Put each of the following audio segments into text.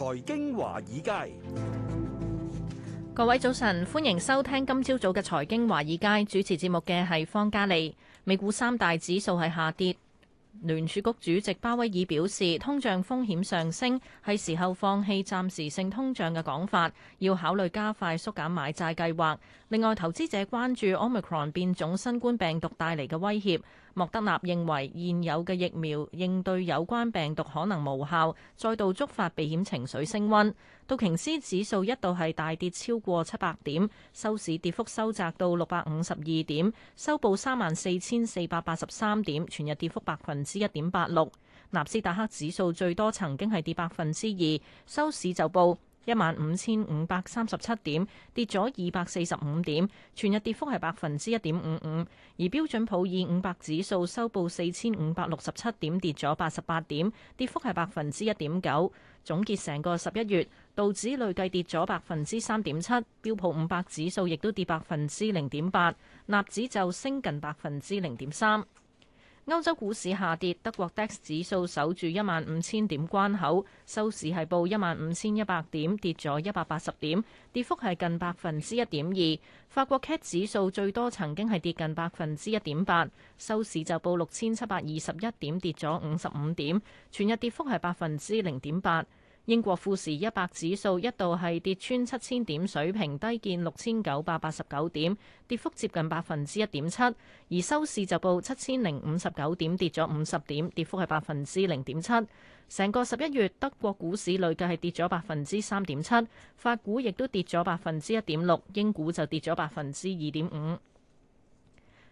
財經華爾街，各位早晨，歡迎收聽今朝早嘅財經華爾街，主持節目嘅係方嘉利，美股三大指數係下跌，聯儲局主席鮑威爾表示，通脹風險上升，係時候放棄暫時性通脹嘅講法，要考慮加快縮減買債計劃。另外，投資者關注 Omicron 變種新冠病毒帶嚟嘅威脅。莫德納認為現有嘅疫苗應對有關病毒可能無效，再度觸發避險情緒升溫。道瓊斯指數一度係大跌超過七百點，收市跌幅收窄到六百五十二點，收報三萬四千四百八十三點，全日跌幅百分之一點八六。納斯達克指數最多曾經係跌百分之二，收市就報，一萬五千五百三十七點，跌咗二百四十五點，全日跌幅係百分之一點五五。而標準普爾五百指數收報四千五百六十七點，跌咗八十八點，跌幅係百分之一點九。總結成個十一月，道指累計跌咗百分之三點七，標普五百指數亦都跌百分之零點八，納指就升近百分之零點三。歐洲股市下跌，德國 DAX 指數守住一萬五千點關口，收市係報一萬五千一百點，跌咗一百八十點，跌幅係近百分之一點二。法國 CAC 指數最多曾經係跌近百分之一點八，收市就報六千七百二十一點，跌咗五十五點，全日跌幅係百分之零點八。英國富時一百指數一度係跌穿七千點水平，低見六千九百八十九點，跌幅接近百分之一點七。而收市就報七千零五十九點，跌咗五十點，跌幅係百分之零點七。成個十一月，德國股市累計係跌咗百分之三點七，法股亦都跌咗百分之一點六，英股就跌咗百分之二點五。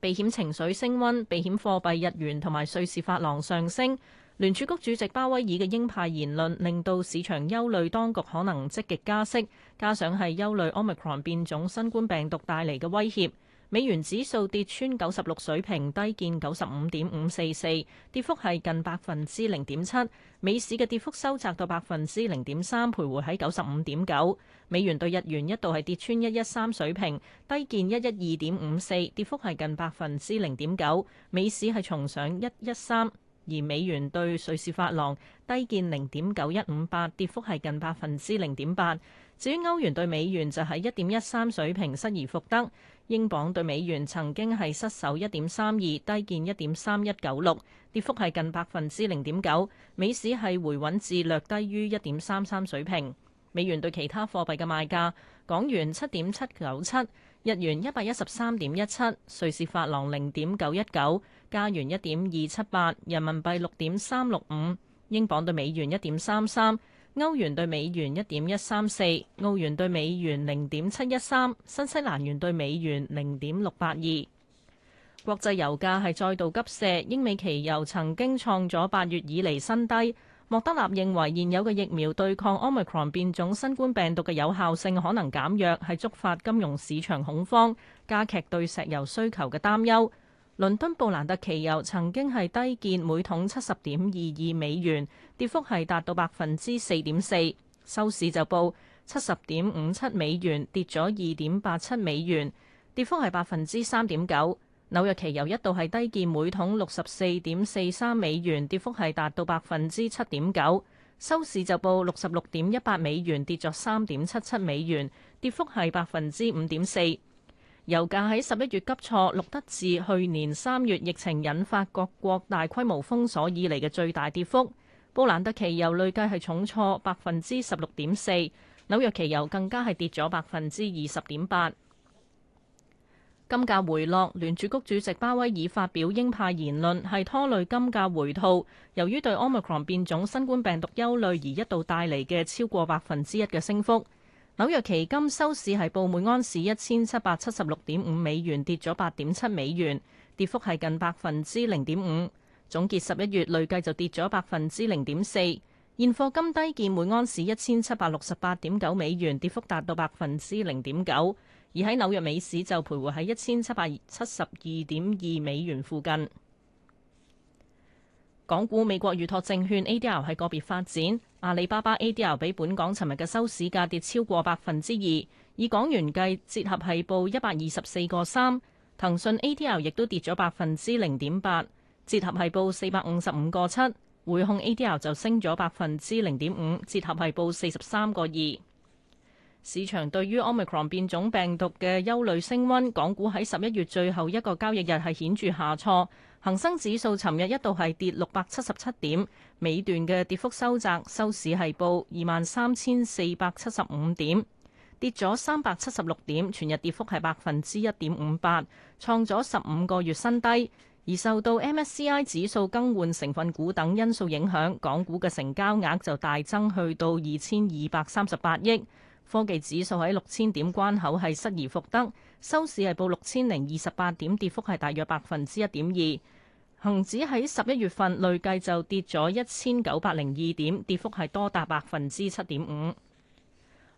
避險情緒升溫，避險貨幣日元同埋瑞士法郎上升。聯儲局主席鮑威爾嘅鷹派言論令到市場憂慮當局可能積極加息，加上係憂慮 omicron 變種新冠病毒帶嚟嘅威脅，美元指數跌穿九十六水平，低見九十五點五四四，跌幅係近百分之零點七。美市嘅跌幅收窄到百分之零點三，徘徊喺九十五點九。美元對日元一度係跌穿一一三水平，低見一一二點五四，跌幅係近百分之零點九。美市係重上一一三。而美元兌瑞士法郎低見零點九一五八，跌幅係近百分之零點八。至於歐元對美元就係一點一三水平，失而復得，英鎊對美元曾經係失守一點三二，低見一點三一九六，跌幅係近百分之零點九。美市係回穩至略低於一點三三水平。美元對其他貨幣嘅賣價，港元七點七九七。日元一百一十三點一七，瑞士法郎零點九一九，加元一點二七八，人民幣六點三六五，英鎊對美元一點三三，歐元對美元一點一三四，澳元對美元零點七一三，新西蘭元對美元零點六八二。國際油價係再度急瀉，英美期油曾經創咗八月以嚟新低。莫德納認為現有嘅疫苗對抗 Omicron 變種新冠病毒嘅有效性可能減弱，係觸發金融市場恐慌，加劇對石油需求嘅擔憂。倫敦布蘭特期油曾經係低見每桶七十點二二美元，跌幅係達到百分之四點四，收市就報七十點五七美元，跌咗二點八七美元，跌幅係百分之三點九。紐約期油一度係低見每桶六十四點四三美元，跌幅係達到百分之七點九。收市就報六十六點一八美元，跌咗三點七七美元，跌幅係百分之五點四。油價喺十一月急挫，錄得自去年三月疫情引發各國大規模封鎖以嚟嘅最大跌幅。布蘭德期油累計係重挫百分之十六點四，紐約期油更加係跌咗百分之二十點八。金價回落，聯儲局主席鮑威爾發表鷹派言論係拖累金價回吐。由於對 Omicron 變種新冠病毒憂慮而一度帶嚟嘅超過百分之一嘅升幅。紐約期金收市係報每安士一千七百七十六點五美元，跌咗八點七美元，跌幅係近百分之零點五。總結十一月累計就跌咗百分之零點四。現貨金低見每安士一千七百六十八點九美元，跌幅達到百分之零點九。而喺紐約美市就徘徊喺一千七百七十二點二美元附近。港股美國預託證券 ADR 係個別發展，阿里巴巴 ADR 比本港尋日嘅收市價跌超過百分之二，以港元計，折合係報一百二十四個三。騰訊 ADR 亦都跌咗百分之零點八，折合係報四百五十五個七。匯控 ADR 就升咗百分之零點五，折合係報四十三個二。市場對於 Omicron 變種病毒嘅憂慮升温，港股喺十一月最後一個交易日係顯著下挫，恒生指數尋日一度係跌六百七十七點，尾段嘅跌幅收窄，收市係報二萬三千四百七十五點，跌咗三百七十六點，全日跌幅係百分之一點五八，創咗十五個月新低。而受到 MSCI 指數更換成分股等因素影響，港股嘅成交額就大增去到二千二百三十八億。科技指數喺六千點關口係失而復得，收市係報六千零二十八點，跌幅係大約百分之一點二。恒指喺十一月份累計就跌咗一千九百零二點，跌幅係多達百分之七點五。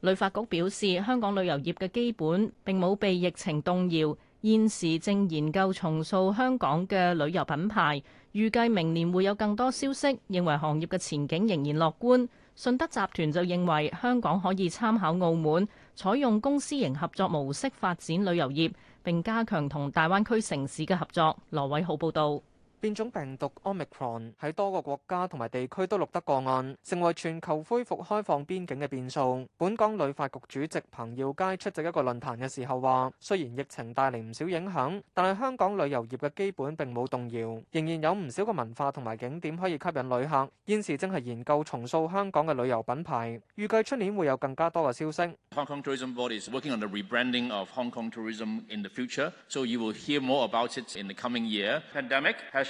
旅發局表示，香港旅遊業嘅基本並冇被疫情動搖，現時正研究重塑香港嘅旅遊品牌，預計明年會有更多消息，認為行業嘅前景仍然樂觀。信德集團就認為香港可以參考澳門，採用公私營合作模式發展旅遊業，並加強同大灣區城市嘅合作。羅偉浩報導。變種病毒 Omicron 喺多個國家同埋地區都錄得個案，成為全球恢復開放邊境嘅變數。本港旅發局主席彭耀佳出席一個論壇嘅時候話，雖然疫情帶嚟唔少影響，但係香港旅遊業嘅基本並冇動搖，仍然有唔少嘅文化同埋景點可以吸引旅客。現時正係研究重塑香港嘅旅遊品牌，預計出年會有更加多嘅消息。Hong Kong Tourism Board is working on the rebranding of Hong Kong Tourism in the future, so you will hear more about it in the coming year. Pandemic has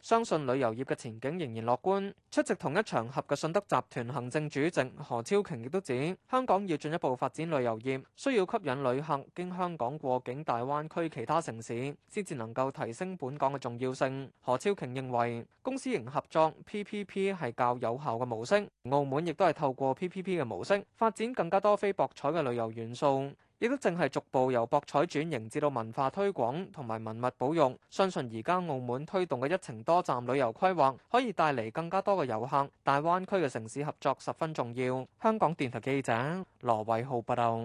相信旅遊業嘅前景仍然樂觀。出席同一場合嘅信德集團行政主席何超瓊亦都指，香港要進一步發展旅遊業，需要吸引旅客經香港過境大灣區其他城市，先至能夠提升本港嘅重要性。何超瓊認為，公私營合作 PPP 係較有效嘅模式。澳門亦都係透過 PPP 嘅模式，發展更加多非博彩嘅旅遊元素。亦都正係逐步由博彩轉型至到文化推廣同埋文物保育，相信而家澳門推動嘅一程多站旅遊規劃可以帶嚟更加多嘅遊客。大灣區嘅城市合作十分重要。香港電台記者羅偉浩報道。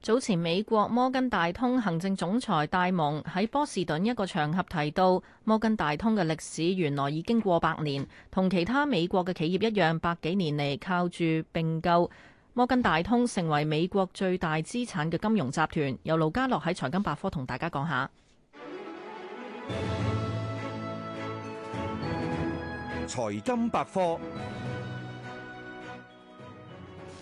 早前美國摩根大通行政總裁戴蒙喺波士頓一個場合提到，摩根大通嘅歷史原來已經過百年，同其他美國嘅企業一樣，百幾年嚟靠住併購。摩根大通成為美國最大資產嘅金融集團。由盧家樂喺財金百科同大家講下。財金百科。百科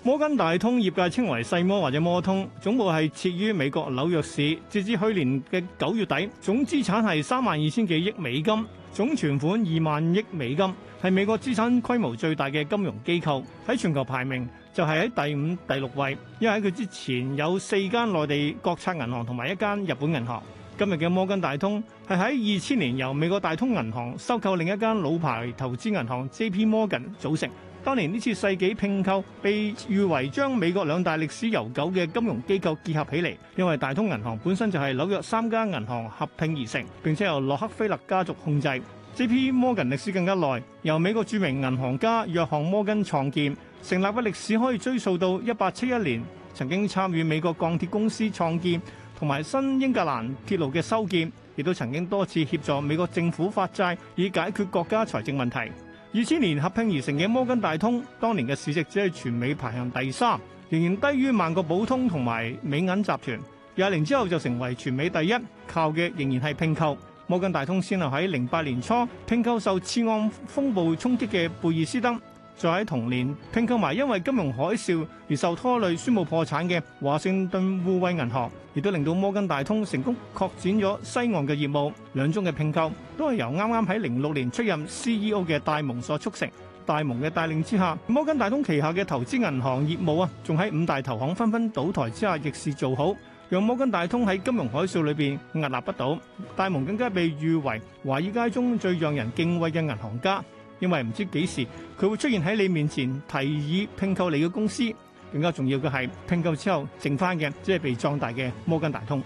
摩根大通業界稱為細摩或者摩通，總部係設於美國紐約市。截至去年嘅九月底，總資產係三萬二千幾億美金，總存款二萬億美金，係美國資產規模最大嘅金融機構，喺全球排名。就係喺第五、第六位，因為喺佢之前有四間內地國策銀行同埋一間日本銀行。今日嘅摩根大通係喺二千年由美國大通銀行收購另一間老牌投資銀行 J.P. Morgan 組成。當年呢次世紀拼購，被譽為將美國兩大歷史悠久嘅金融機構結合起嚟，因為大通銀行本身就係紐約三間銀行合併而成，並且由洛克菲勒家族控制。J.P. Morgan 歷史更加耐，由美國著名銀行家約翰摩根創建。成立嘅歷史可以追溯到一八七一年，曾經參與美國鋼鐵公司創建，同埋新英格蘭鐵路嘅修建，亦都曾經多次協助美國政府發債以解決國家財政問題。二千年合併而成嘅摩根大通，當年嘅市值只係全美排行第三，仍然低於萬國寶通同埋美銀集團。廿年之後就成為全美第一，靠嘅仍然係併購。摩根大通先後喺零八年初併購受次按風暴衝擊嘅貝爾斯登。再喺同年，拼購埋因為金融海嘯而受拖累宣佈破產嘅華盛頓互惠銀行，亦都令到摩根大通成功擴展咗西岸嘅業務。兩宗嘅拼購都係由啱啱喺零六年出任 CEO 嘅戴蒙所促成。戴蒙嘅帶領之下，摩根大通旗下嘅投資銀行業務啊，仲喺五大投行紛紛倒台之下逆市做好，讓摩根大通喺金融海嘯裏邊屹立不倒。戴蒙更加被譽為華爾街中最讓人敬畏嘅銀行家。因為唔知幾時佢會出現喺你面前提議併購你嘅公司，更加重要嘅係併購之後剩翻嘅，即係被壯大嘅摩根大通。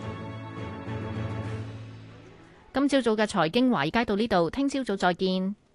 今朝早嘅財經華爾街到呢度，聽朝早再見。